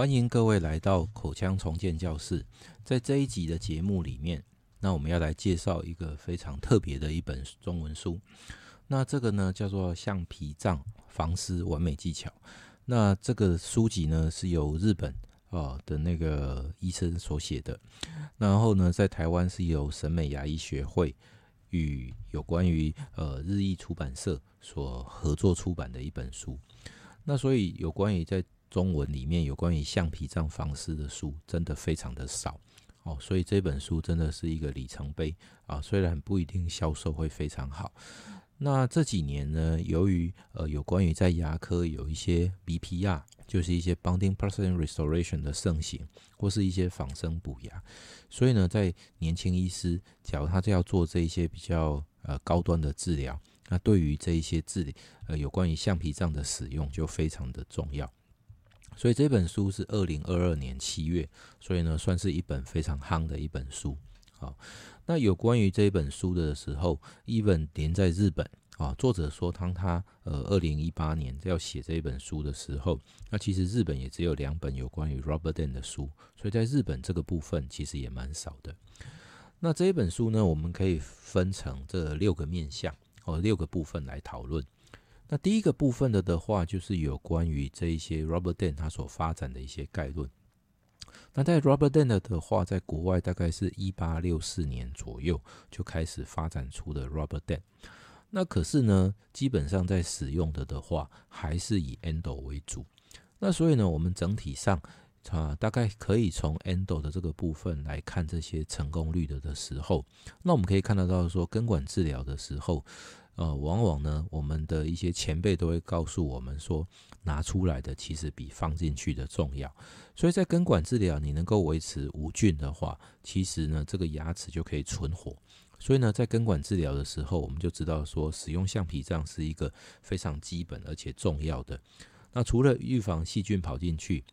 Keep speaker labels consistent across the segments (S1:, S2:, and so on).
S1: 歡迎各位來到口腔重建教室。在這一集的節目裡面，那我們要來介紹一個非常特別的一本中文書。那這個呢叫做《橡皮障防濕完美技巧》。那這個書籍呢是由日本啊的那個醫生所寫的，然後呢在台灣是由審美牙醫學會與有關於呃日毅出版社所合作出版的一本書。那所以有關於在中文裡面有關於橡皮障防濕的書真的非常的少哦，所以這本書真的是一個里程碑啊。雖然不一定銷售會非常好，那這幾年呢，由於呃有關於在牙科有一些 BPR，就是一些 Bonding Preservation Restoration 的盛行，或是一些仿生補牙，所以呢，在年輕醫師，假如他就要做這一些比較呃高端的治療，那對於這一些治呃有關於橡皮障的使用就非常的重要。所以這本書是二零二二年七月，所以呢，算是一本非常夯的一本書。好，那有關於這本書的時候，even 連在日本啊，作者說，當他呃二零一八年要寫這本書的時候，那其實日本也只有兩本有關於 rubber dam 的書，所以在日本這個部分其實也蠻少的。那這一本書呢，我們可以分成這六個面向哦，六個部分來討論。那第一個部分的的話，就是有關於這一些 rubber dam 它所發展的一些概論。那在 rubber dam 的話，在國外大概是一八六四年左右就開始發展出的 rubber dam。那可是呢，基本上在使用的的話，還是以 endo 為主。那所以呢，我們整體上啊、呃，大概可以從 endo 的這個部分來看這些成功率的的時候，那我們可以看得到說根管治療的時候。呃，往往呢，我們的一些前輩都會告訴我們說，拿出來的其實比放進去的重要。所以在根管治療，你能夠維持無菌的話，其實呢，這個牙齒就可以存活。所以呢，在根管治療的時候，我們就知道說，使用橡皮障是一個非常基本而且重要的。那除了預防細菌跑進去，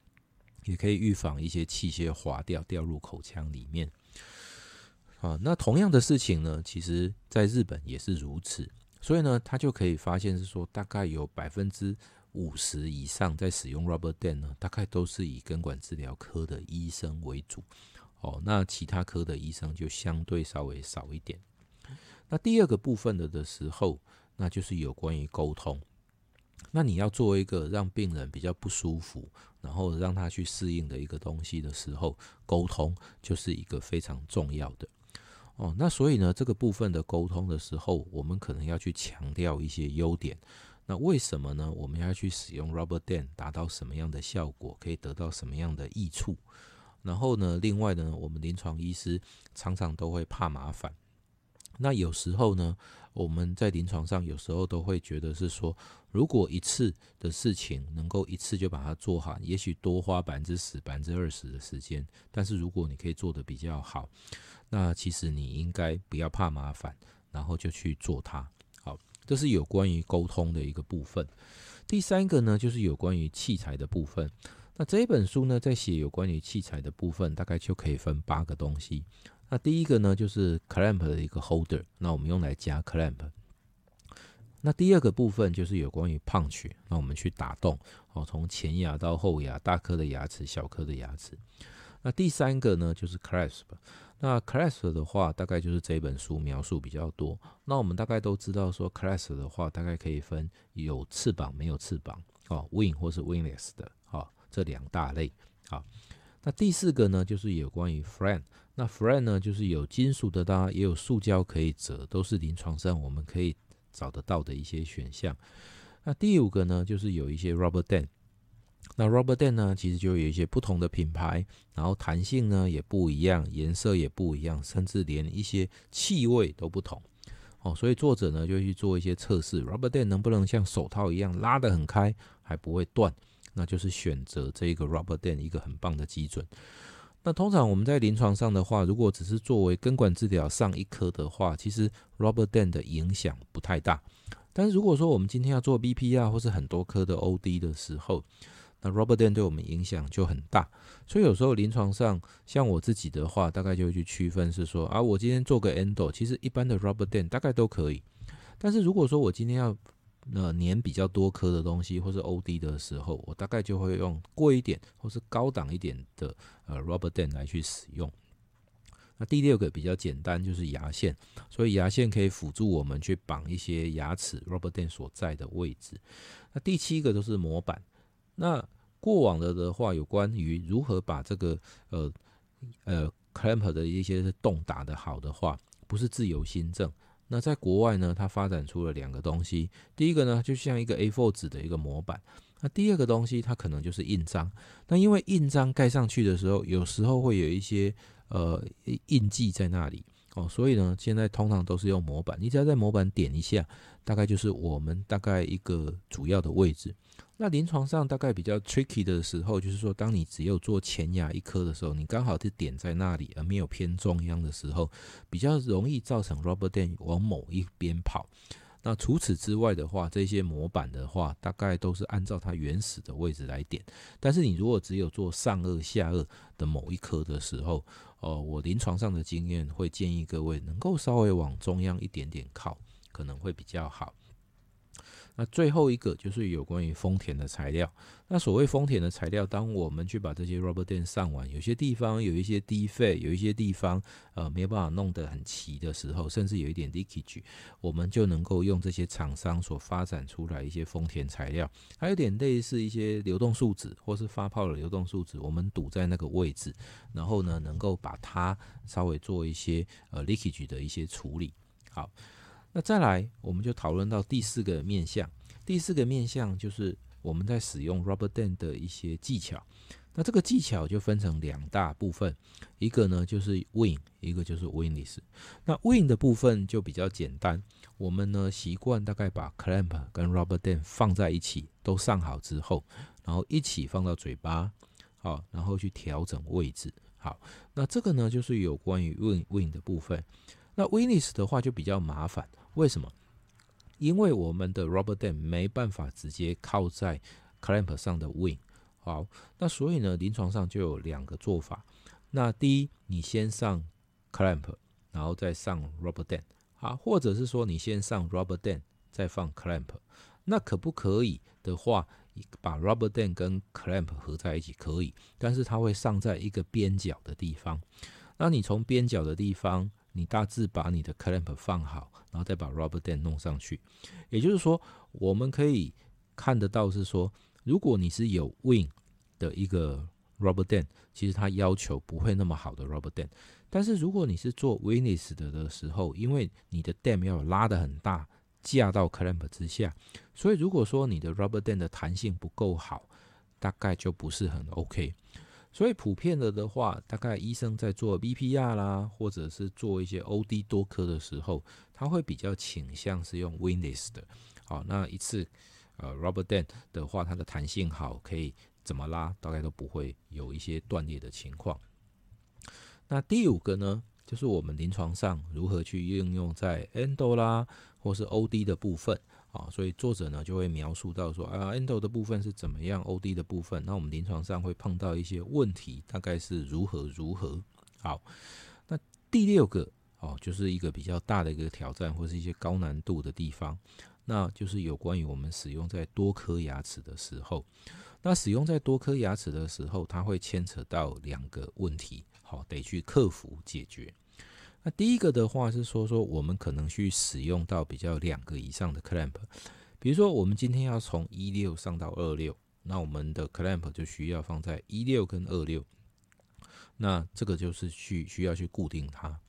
S1: 也可以預防一些器械滑掉掉入口腔裡面。啊、呃，那同樣的事情呢，其實在日本也是如此。所以呢，他就可以發現是說，大概有百分之五十以上，在使用 rubber dam 呢，大概都是以根管治療科的醫生為主，哦，那其他科的醫生就相對稍微少一點。那第二個部分的的時候，那就是有關於溝通。那你要做一個讓病人比較不舒服，然後讓他去適應的一個東西的時候，溝通就是一個非常重要的。哦，那所以呢，這個部分的溝通的時候，我們可能要去強調一些優點。那為什麼呢？我們要去使用 rubber dam，達到什麼樣的效果？可以得到什麼樣的益處？然後呢，另外呢，我們臨床醫師常常都會怕麻煩。那有時候呢，我們在臨床上有時候都會覺得是說，如果一次的事情能夠一次就把它做好，也許多花百分之十、百分之二十的時間，但是如果你可以做得比較好，那其實你應該不要怕麻煩，然後就去做它。好，這是有關於溝通的一個部分。第三個呢，就是有關於器材的部分。那這一本書呢，在寫有關於器材的部分，大概就可以分八個東西。那第一個呢，就是 clamp 的一個 holder，那我們用來夾 clamp。那第二個部分就是有關於 punch，那我們去打洞哦，從前牙到後牙，大顆的牙齒、小顆的牙齒。那第三個呢，就是 clasp。那 clasp 的話，大概就是這本書描述比較多。那我們大概都知道說，clasp 的話，大概可以分有翅膀沒有翅膀哦，wing 或是 wingless 的哦，這兩大類。好，那第四個呢，就是有關於 frame。那 friend 呢，就是有金屬的搭，也有塑膠可以折，都是臨床上我們可以找得到的一些選項。那第五個呢，就是有一些 rubber dam。那 rubber dam 呢，其實就有一些不同的品牌，然後彈性呢也不一樣，顏色也不一樣，甚至連一些氣味都不同哦。所以作者呢就會去做一些測試，rubber dam 能不能像手套一樣拉得很開，還不會斷，那就是選擇這個 rubber dam 一個很棒的基準。那通常我們在臨床上的話，如果只是作為根管治療上一顆的話，其實 rubber dam 的影響不太大。但是如果說我們今天要做 BPR 或是很多顆的 O D 的時候，那 rubber dam 對我們影響就很大。所以有時候臨床上，像我自己的話，大概就會去區分是說啊，我今天做個 Endo，其實一般的 rubber dam 大概都可以。但是如果說我今天要那粘比較多顆的東西，或是 OD 的時候，我大概就會用貴一點或是高檔一點的呃 Rubber Dam 來去使用。那第六個比較簡單，就是牙線，所以牙線可以輔助我們去綁一些牙齒 Rubber Dam 所在的位置。那第七個就是模板。那過往的的話，有關於如何把這個呃呃 Clamp 的一些洞打得好的話，不是自由心證。那在國外呢，它發展出了兩個東西。第一個呢，就像一個 A4 紙的一個模板。那第二個東西，它可能就是印章。那因為印章蓋上去的時候，有時候會有一些呃印記在那裡哦，所以呢，現在通常都是用模板。你只要在模板點一下，大概就是我們大概一個主要的位置。那臨床上大概比較 tricky 的時候，就是說，當你只有做前牙一顆的時候，你剛好是點在那裡，而沒有偏中央的時候，比較容易造成 rubber dam 往某一邊跑。那除此之外的話，這些模板的話，大概都是按照它原始的位置來點。但是你如果只有做上顎、下顎的某一顆的時候，呃，我臨床上的經驗會建議各位能夠稍微往中央一點點靠，可能會比較好。那最後一個就是有關於封填的材料。那所謂封填的材料，當我們去把這些 rubber dam 上完，有些地方有一些低廢，有一些地方呃沒有辦法弄得很齊的時候，甚至有一點 leakage，我們就能夠用這些廠商所發展出來一些封填材料，還有點類似一些流動樹脂或是發泡的流動樹脂，我們堵在那個位置，然後呢，能夠把它稍微做一些呃 leakage 的一些處理。好。那再來，我們就討論到第四個面向。第四個面向就是我們在使用 rubber dam 的一些技巧。那這個技巧就分成兩大部分，一個呢就是 wing，一個就是 wingless。那 wing 的部分就比較簡單，我們呢習慣大概把 clamp 跟 rubber dam 放在一起，都上好之後，然後一起放到嘴巴，好，然後去調整位置，好。那這個呢就是有關於 wing wing 的部分。那 wingless 的話就比較麻煩，為什麼？因為我們的 rubber dam 沒辦法直接靠在 clamp 上的 wing。好，那所以呢，臨床上就有兩個做法。那第一，你先上 clamp，然後再上 rubber dam。啊，或者是說你先上 rubber dam，再放 clamp。那可不可以的話，把 rubber dam 跟 clamp 合在一起可以，但是它會上在一個邊角的地方。那你從邊角的地方。你大致把你的 clamp 放好，然後再把 rubber dam 弄上去。也就是說，我們可以看得到是說，如果你是有 wing 的一個 rubber dam，其實它要求不會那麼好的 rubber dam，但是如果你是做 wingless 的的時候，因為你的 dam 要拉得很大，架到 clamp 之下，所以如果說你的 rubber dam 的彈性不夠好，大概就不是很 OK。所以普遍了的話，大概醫生在做 BPR 啦，或者是做一些 OD 多科的時候，他會比較傾向是用 Winds 的。好，那一次，呃，Rubber Dent 的話，它的彈性好，可以怎麼拉，大概都不會有一些斷裂的情況。那第五個呢？就是我們臨床上如何去應用在 Endo 啦，或是 OD 的部分啊，所以作者呢就會描述到說啊，Endo 的部分是怎麼樣，OD 的部分，那我們臨床上會碰到一些問題，大概是如何如何。好，那第六個哦，就是一個比較大的一個挑戰，或是一些高難度的地方，那就是有關於我們使用在多顆牙齒的時候，那使用在多顆牙齒的時候，它會牽扯到兩個問題。好，得去克服解決。那第一個的話是說，說我們可能去使用到比較兩個以上的 clamp，比如說我們今天要從一六上到二六，那我們的 clamp 就需要放在一六跟二六，那這個就是去需要去固定它。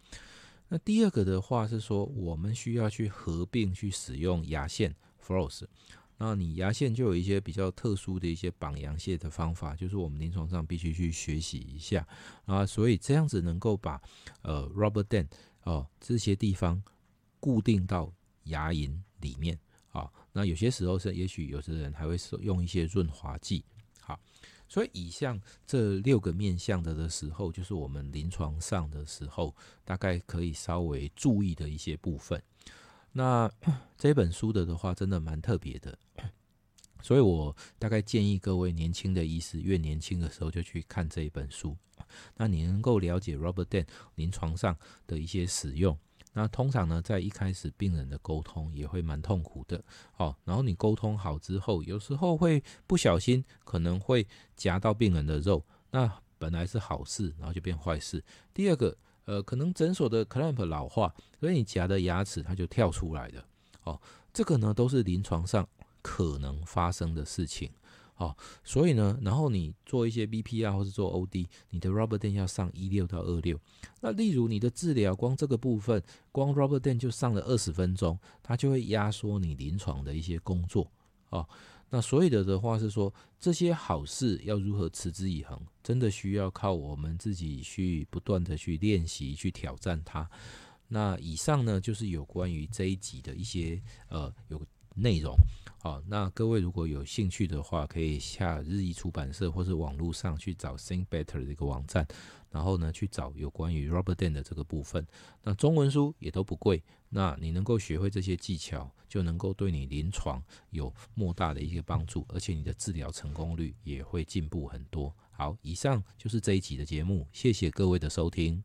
S1: 那第二個的話是說，我們需要去合併去使用牙線 floss。那你牙線就有一些比較特殊的一些綁牙線的方法，就是我們臨床上必須去學習一下啊，所以這樣子能夠把呃 rubber dam 哦、呃、這些地方固定到牙齦裡面啊。那有些時候是，也許有些人還會說用一些潤滑劑。好，所以以上這六個面向的的時候，就是我們臨床上的時候，大概可以稍微注意的一些部分。那這本書的的話，真的蠻特別的，所以我大概建議各位年輕的醫師，越年輕的時候就去看這一本書。那你能夠了解 rubber dam 臨床上的一些使用。那通常呢，在一開始病人的溝通也會蠻痛苦的哦。然後你溝通好之後，有時候會不小心可能會夾到病人的肉，那本來是好事，然後就變壞事。第二個。呃，可能診所的 clamp 老化，所以你夾的牙齒它就跳出來的哦。這個呢都是臨床上可能發生的事情哦。所以呢，然後你做一些 BPR 或是做 OD，你的 rubber 墊要上一六到二六。那例如你的治療光這個部分，光 rubber 墊就上了二十分鐘，它就會壓縮你臨床的一些工作哦。那所以的的話是說，這些好事要如何持之以恆，真的需要靠我們自己去不斷的去練習、去挑戰它。那以上呢，就是有關於這一集的一些呃有內容。好，那各位如果有興趣的話，可以下日毅出版社或是網絡上去找 Think Better 的一個網站。然後呢，去找有關於 rubber dam 的這個部分。那中文書也都不貴。那你能夠學會這些技巧，就能夠對你臨床有莫大的一些幫助，而且你的治療成功率也會進步很多。好，以上就是這一集的節目，謝謝各位的收聽。